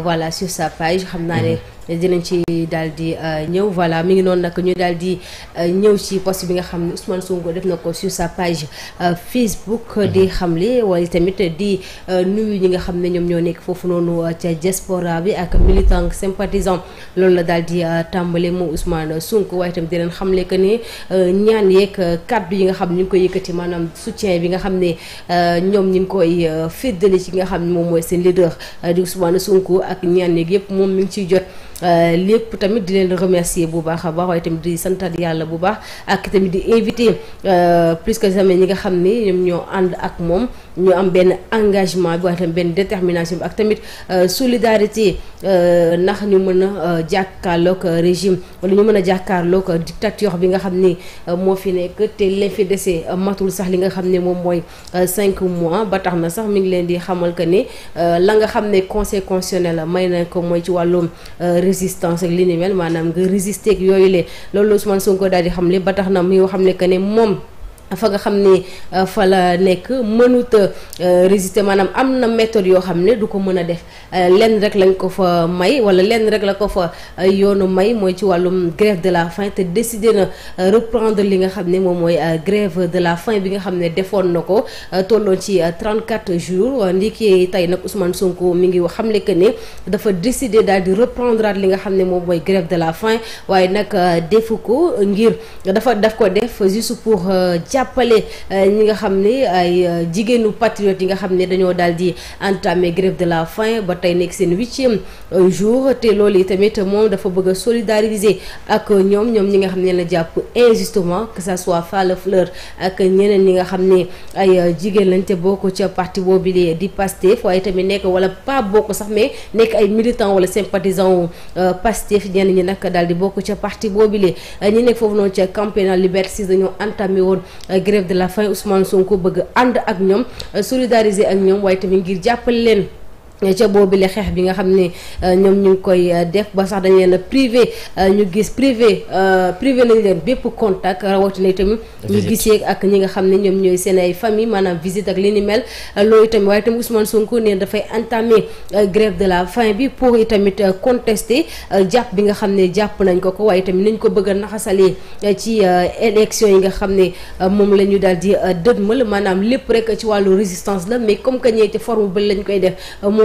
voilà sur sa page xam naa ne. Mhm. dinañ ci daal di euh, ñëw voilà mi ngi noonu nag ñu daal di euh, ñëw ci post bi nga xam ne Ousmane Sonko def na ko sur sa page euh, Facebook mhm. di xamle wala tamit di nuyu ñi nga xam ne ñoom ñoo nekk foofu noonu ca diaspora bi ak militant sympathisant loolu la daal di tàmbale moom Ousmane Sonko waaye tamit di leen xamle que ne ñaan yeeg kaddu yi nga xam ñu ngi koy yëkkati maanaam soutien bi nga xam ne ñoom ñu ngi koy féddali ci nga xam ne moom mooy seen leader di Ousmane Sonko ak ñaan yeeg yëpp moom mi ngi ciy jot. Euh, lépp tamit di leen remercier bu baax a baax waaye tamit di santat yàlla bu baax ak tamit di invité euh, plus que jamais ñi nga xam ni ñoom ñoo ànd ak moom ñu am benn engagement bi waaye tamit benn détermination bi ak tamit euh, solidarité ndax ñu mën a jàkkaarloog régime wala ñu mën a jàkkaarloog dictature bi nga xam ni moo fi nekk te fi dese matul sax li nga xam ne moom mooy cinq mois ba tax na sax mi ngi leen di xamal que ne la nga xam ne conseil constitutionnel may na ko mooy ci wàllum résistance ak li ni mel maanaam nga résister ak yooyu lee loolu Ousmane Sonko daal di xam ne ba tax na muy wax xam ne que ne moom fa nga xam ne euh, fa la nekk mënuta euh, résister maanaam am na méthode yoo xam ne du ko mën a def euh, lenn rek lañ ko fa may wala lenn rek la ko fa yoonu may mooy ci wàllum grève de la faim te décidé na reprendre li nga xam ne moom mooy grève de la faim bi nga xam ne defoon na ko tolloon ci trent 34 jours ndiki tey nag Ousmane Sonko mi ngi xam le que ne dafa décidé daal di reprendre li nga xam ne moom mooy grève de la faim waaye nag defu ko ngir dafa daf ko def juste pour jàppale euh, ñi nga xam ne ay euh, jigéenu patriote yi nga xam ne dañoo daal di entamé grève de la faim ba tey nekk seen huitième euh, jour te loolu tamit moom dafa bëgg a solidariser ak ñoom ñoom ñi nga xam ne la jàpp injustement que ça soit Falla Fleur ak ñeneen ñi nga xam ni ay jigéen lañ te bokk ca parti boobu di Pastef waaye tamit nekk wala pas bokk sax mais nekk ay militant wala sympathisant wu Pastef ñenn ñi nag daal di bokk ca parti boobu ñi nekk foofu noonu ca campagne Liberté 6 dañoo entamé woon Euh, grève de la faim Ousmane Sonko bëgg ànd ak ñoom euh, solidarisé ak ñoom waaye tamit ngir jàppale leen. ca boobile xeex bi nga xam ne euh, ñoom ñu ngi koy euh, def ba sax dañ leen a privé euh, ñu gis privé privé nañ leen bépp contact rawatina itamit ñu gisee ak ñi nga xam ne ñoom ñooy seen ay famille maanaam visite ak li ni mel loolu itamit waaye tamit Ousmane Sonko ne dafay entamer grève de la faim bi pour itamit contester jàpp bi nga xam ne jàpp nañ ko ko waaye tamit nañ ko bëgg a naxasalee ci élection yi nga xam ne moom la ñu daal di dëdmal maanaam lépp rek ci wàllu résistance la mais comme que ñeenti forme ba lañ koy def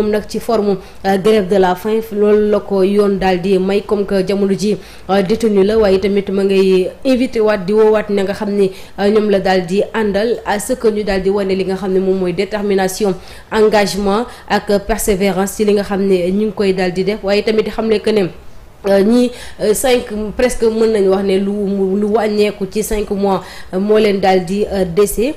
ñoom nag ci forme euh, grève de la faim loolu la ko yoon daal di may comme que jamono ji euh, détenu la waaye tamit ma ngay invité waat di woowaat na nga xam ni euh, ñoom la daal di àndal à ñu daal di wane li nga xam ne moom mooy détermination engagement ak persévérance ci li nga xam ne ñu ngi koy daal di def waaye tamit xam ne que ne ñii cinq presque mën nañu wax ne lu lu wàññeeku ci cinq mois moo leen daal di dese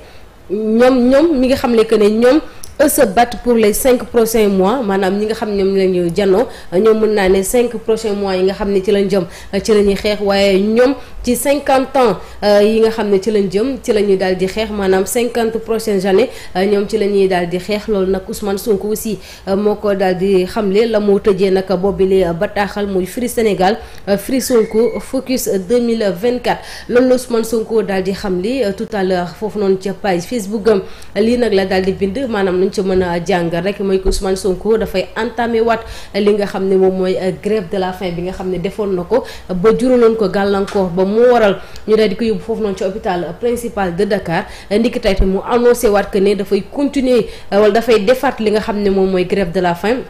ñoom ñoom mi nga xam ne que ne ñoom eux se battent pour les cinq prochains mois maanaam ñi nga xam ñoom la ñu janoo ñoom mën naa ne cinq prochains mois yi nga xam ne ci lañ jëm ci la ñuy xeex waaye ñoom ci cinquante ans euh, yi nga xam ne ci lañ jëm ci la ñuy daal di xeex maanaam cinquante prochaines années euh, ñoom ci la ñuy daal di xeex loolu nag Ousmane Sonko aussi euh, moo ko daal di xam xamle la moo tëjee nag boobile bataaxal muy Free Sénégal Free Sonko Focus 2024 loolu la Ousmane Sonko daal di xamle tout à l'heure foofu noonu ca page Facebook am lii nag la daal di bind maanaam luñ ci mën a jàngal rek mooy ko Ousmane Sonko dafay entamé waat li nga xam ne moom mooy euh, grève de la faim bi nga xam ne defoon na ko ba juraloon ko gàllankoor ba mu waral ñu daal di ko yóbbu foofu noonu ci hôpital principal de Dakar ndiki tey mu annoncé waat que ne dafay continuer euh, wala dafay defaat li nga xam ne moom mooy grève de la faim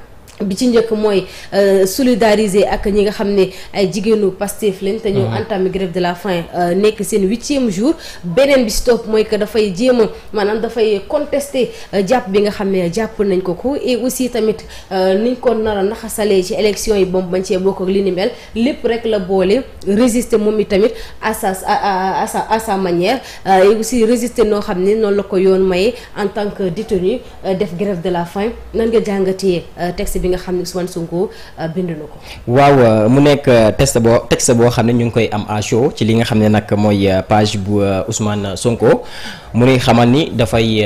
bi ci njëkk mooy euh, solidariser ak ñi nga xam ne ay jigéenu Pastef lañ. te ñu mm-hmm. entamé grève de la faim euh, nekk seen huitième jour. beneen bi si mooy que dafay jéem a maanaam dafay contester euh, jàpp bi nga xam ne jàpp nañ ko ko et tamit niñ ko nar a naxasalee ci yi moom bañ cee bokk ak lépp rek la boole résister moom i tamit à sa à sa à sa manière et aussi résister noo xam ne noonu la ko yoon maye en tant que détenu def grève de la faim nan nga jàngatee texte bi nga xam ne Ousmane Sonko euh, bind na ko. waaw euh, mu nekk euh, test boo texte boo xam ne ñu ngi koy am à ci li nga xam ne nag mooy page bu Ousmane Sonko mu ngi xamal ni dafay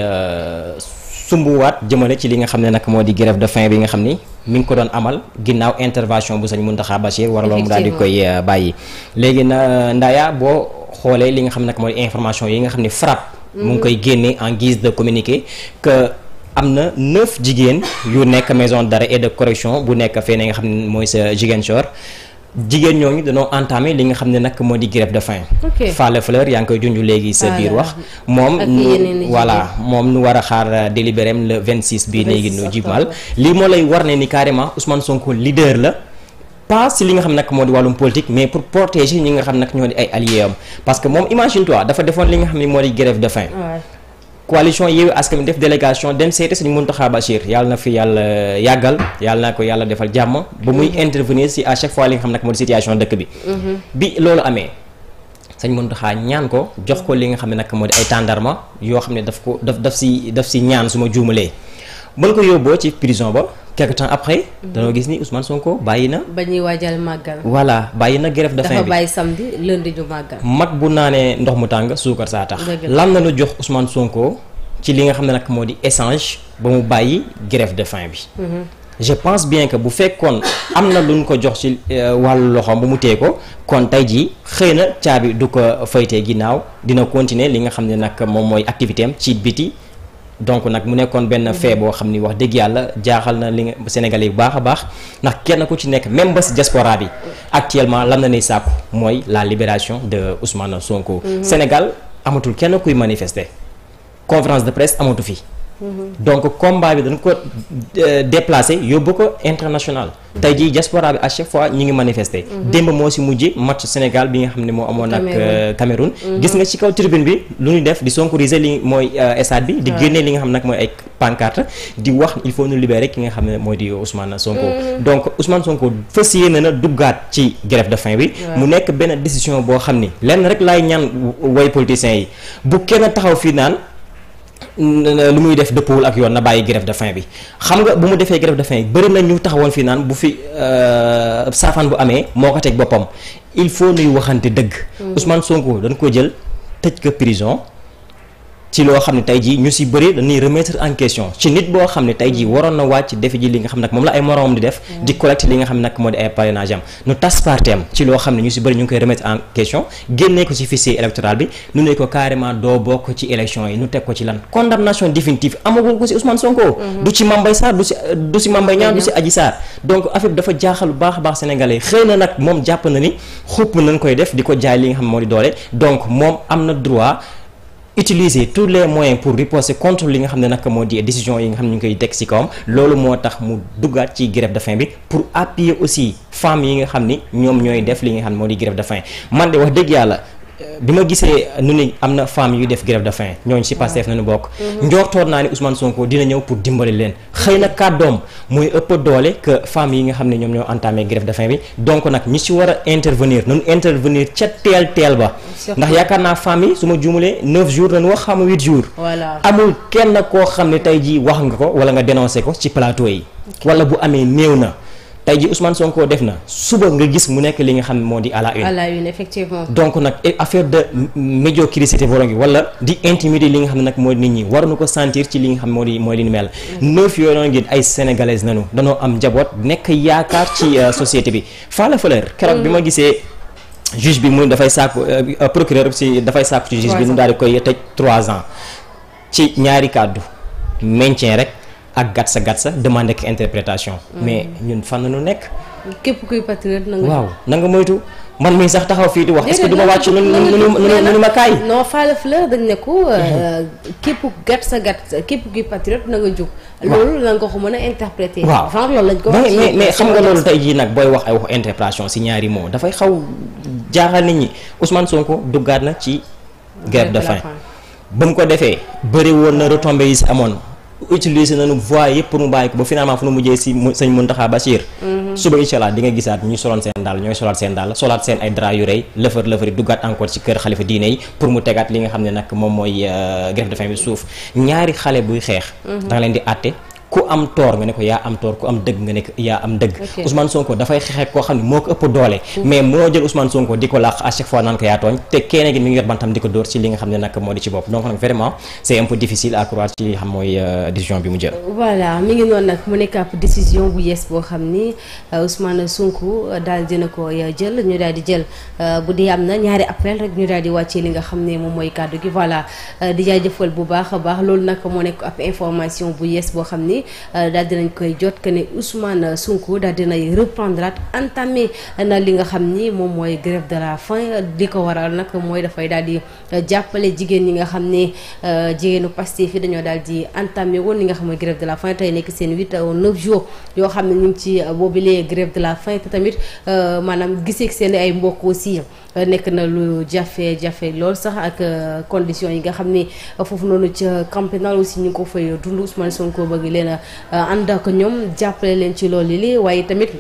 sumbuwaat jëmale ci li nga xam ne nag moo di grève de fin bi nga xam ni. mu ngi ko doon amal ginnaaw intervention bu sëñ Mountakha war waraloon mu daal di koy bàyyi léegi na ndaaya boo xoolee li nga xam ne nag mooy information yi nga xam ne FRAPP mm-hmm. mu ngi koy génne en guise de communiqué que am na neuf jigéen yu nekk maison d'arrêt et de correction bu nekk fee nga xam ne mooy sa Ziguinchor jigéen ñooñu dañoo entamé li nga xam ne nag moo di grève de faim. ok Falla Fleur yaa ngi koy junj léegi sa biir wax. moom voilà moom nu war a xaar euh, délibéré am le 26 bii léegi lii moo lay war ne ni carrément Ousmane Sonko leader la. pas si li nga xam nag moo di wàllum politique mais pour protéger ñi nga xam nag ñoo di ay alliés am parce que moom imagine toi dafa defoon li nga xam ne moo di grève de faim. coalition Yewwi Askan Wi def délégation dem seeti Sëriñ Mountakha Bachir yàlla na fi yàlla yàggal yàlla na ko yàlla defal jàmm ba muy mhm. intervenir si à chaque fois li nga xam nag moo di situation dëkk bi mhm. bi loolu amee Sëriñ Mountakha ñaan ko jox ko mhm. li nga xam ne nag moo di ay tàndarma yoo xam ne daf ko daf daf si daf si ñaan su ma juumalee mën ko yóbboo ci prison ba quelque temps après. Mhm. dañoo gis ni Ousmane Sonko bàyyi na. ba ñuy waajal màggal. voilà bàyyi na grève de faim bi dafa bàyyi samedi lundi ñu màggal. mag bu naanee ndox mu tàng suukar saa tax. lan la ñu jox Ousmane Sonko ci li nga xam ne nag moo di échange ba mu bàyyi grève de faim bi. Mhm. je pense bien que bu fekkoon am na luñ ko jox ci euh, wàllu loxoom bu mu ko kon tey jii xëy na caabi du ko faytee ginnaaw dina continuer li nga xam ne nag moom mooy activité am ci biti. donc nag mu nekkoon benn mhm. fee boo xam ni wax dëgg yàlla jaaxal na li nga Sénégalais yi bu baax a baax ndax kenn ku ci nekk même ba si bi actuellement lam na nay sàkku mooy la libération de Ousmane Sonko. Mhm. Sénégal amatul kenn kuy manifester conférence de presse amatu fi. donc combat bi dañ ko euh, déplacé yóbbu ko international. tey jii diaspora bi à chaque fois ñu ngi manifesté mhm. démb moo si mujj match Sénégal bi nga xam ne moo amoon ak Cameroun. Euh, mhm. gis nga ci kaw tribune bi lu ñu def di sonkoriser li mooy euh, stade bi. di génnee li nga xam nag mooy ay pan pancarte di wax il faut ñu rek ki nga xam ne mooy di Ousmane Sonko. Mhm. donc usman Sonko fas yéene na duggaat ci grève de fin bi. mu nekk benn décision boo xam ni lenn rek laay ñaan way politiciens yi bu kenn taxaw fii naan. lu muy def dëppwul ak yoon na bàyyi grève de faim bi xam nga bu mu defee grève de faim bëri na ñu taxawoon fii naan bu fi euh, saafaan bu amee moo ko teg boppam il faut nuy waxante dëgg mm. Ousmane Sonko dañ ko jël tëj ko prison ci loo xam ne tey jii ñu si bëri dañuy remettre en question ci nit boo xam ne tey jii waroon na wàcc defi ji li nga xam nag moom la ay moromam di def mm. di collecte li nga xam nag moo di xam ne ñu si bëri ñu ngi koy remettre en ne ko carrément doo bokk ci élection yi nu ko ci lan condamnation définitive amagul ko si Ousmane Sonko mm-hmm. du jaaxal bu baax a baax na nag moom jàpp na ni xupp nañ koy def di ko jaay li nga xam moo di doole donc moom am na droit utiliser tous les moyens pour riposter contre li nga xam ne nag moo di décision yi nga xam ne ñu ngi koy teg ci kawam loolu moo tax mu duggaat ci grève de faim bi pour appuyer aussi femmes yi nga xam ni ñoom ñooy def li nga xam ne moo di grève de faim man de wax dëgg yàlla bi ma gisee nu ni am na femme yu def grève de faim ñooñu ci Pastef nañu bokk. Mhm. njortoon naa ni Ousmane Sonko dina ñëw pour dimbali leen xëy na kàddoom mooy ëpp doole que femmes yi nga xam ne ñoom ñoo entamé grève de faim bi donc nag ñi ci war a intervenir nañu intervenir ca teel teel ba. ndax yaakaar naa femme yi su ma juumalee 9 jours nañu wax xam 8 jours. amul kenn koo xam ne tey jii wax nga ko wala nga dénoncé ko ci plateau yi. wala bu amee néew na. tey ji Ousmane Sonko def na suba nga gis mu nekk li nga xam ne moo di à la une. à la une effectivement. donc nag affaire de médiocrité volongi wala di intimider li nga xam ne nag mooy nit ñi war waruñu ko sentir ci li nga xam moo di mooy li ñu mel. Mm-hmm. fi yooyu noonu ngir ay sénégalaises nanu danoo am njaboot nekk yaakaar ci euh, société bi Falla Fleur. keroog bi ma mm-hmm. gisee. juge bi mu dafay sàkku euh, euh, procureur si dafay sàkku ci juge bi mu daal di koy tëj trois ans ci ñaari kàddu maintien rek. ak gatsa gatsa demande ak interprétation. Mm. mais ñun fan na nu nekk. képp kuy patineur na nga. waaw na nga moytu man mii sax taxaw fii di wax. est-ce que du ma wàcc nu nu nu ma kaay. non Falla Fleur dañ ne euh, mm-hmm. képp képp kuy patineur na nga jóg. loolu la ko mën a interpréter. waaw genre loolu lañ ko wax mais xam nga loolu tey jii nag booy wax ay wax interprétation si ñaari mots dafay xaw jaaxal nit ñi Ousmane ko duggaat na ci. grève de faim ba mu ko defee bëri woon na retombées yi amoon. utiliser nañu voie yëpp pour mu bàyyi ko ba finalement fu nu mujjee si sëñ Mountakha Bachir mhm. suba incha allah gisaat ñu soloon seen daal ñooy solaat seen daal solaat seen ay drap yu rëy lëfër lëfër yi duggaat encore ci kër xalifa diine yi pour mu tegaat li nga xam ne nag moom mooy euh, grève fin bi suuf ñaari xale buy xeex mhm. da leen di àtte ku am toor nga ne ko yaa am toor ku am dëgg nga ne ko yaa am dëgg Ousmane Sonko dafay xeex koo xam ne moo ko ëpp doole mm-hmm. mais moo jël Ousmane Sonko di dina ko euh, jël ñu daal di jël euh, bu dee am na ñaari appel rek ñu daal di wàccee li nga xam ne moom mooy kàddu gi voilà euh, di jaajëfal bu baax a baax loolu nag moo nekk ab information bu yees boo xam ni ne euh, daal dinañ koy jot que ne Ousmane Sonko daal dinay reprendre entamé na li nga xam ni moom mooy grève de la faim li ko waral nag mooy dafay dal di euh, jàppale jigéen ñi nga xam ne euh, jigéenu Pastef yi dañoo daal di entamé woon li nga xam mooy grève de la faim tey nekk seen huit ou neuf jours yoo xam ne ñu ngi ci boobilee grève de la faim te tamit maanaam gisee seen ay mbokk aussi nekk na lu jafe-jafe lool sax ak euh, conditions yi nga xam ni foofu noonu ca camp pénal aussi ñu ngi ko fay dund Ousmane Sonko bëgg leen a euh, ànd ak ñoom jàppale leen ci loolu li waaye tamit.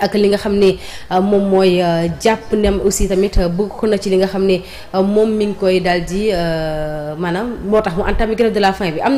ak li nga xam ni euh, moom mooy jàpp nem aussi tamit bëgg ko na ci li nga xam ne moom mi ngi koy daal di maanaam moo tax mu entamé grève de la faim bi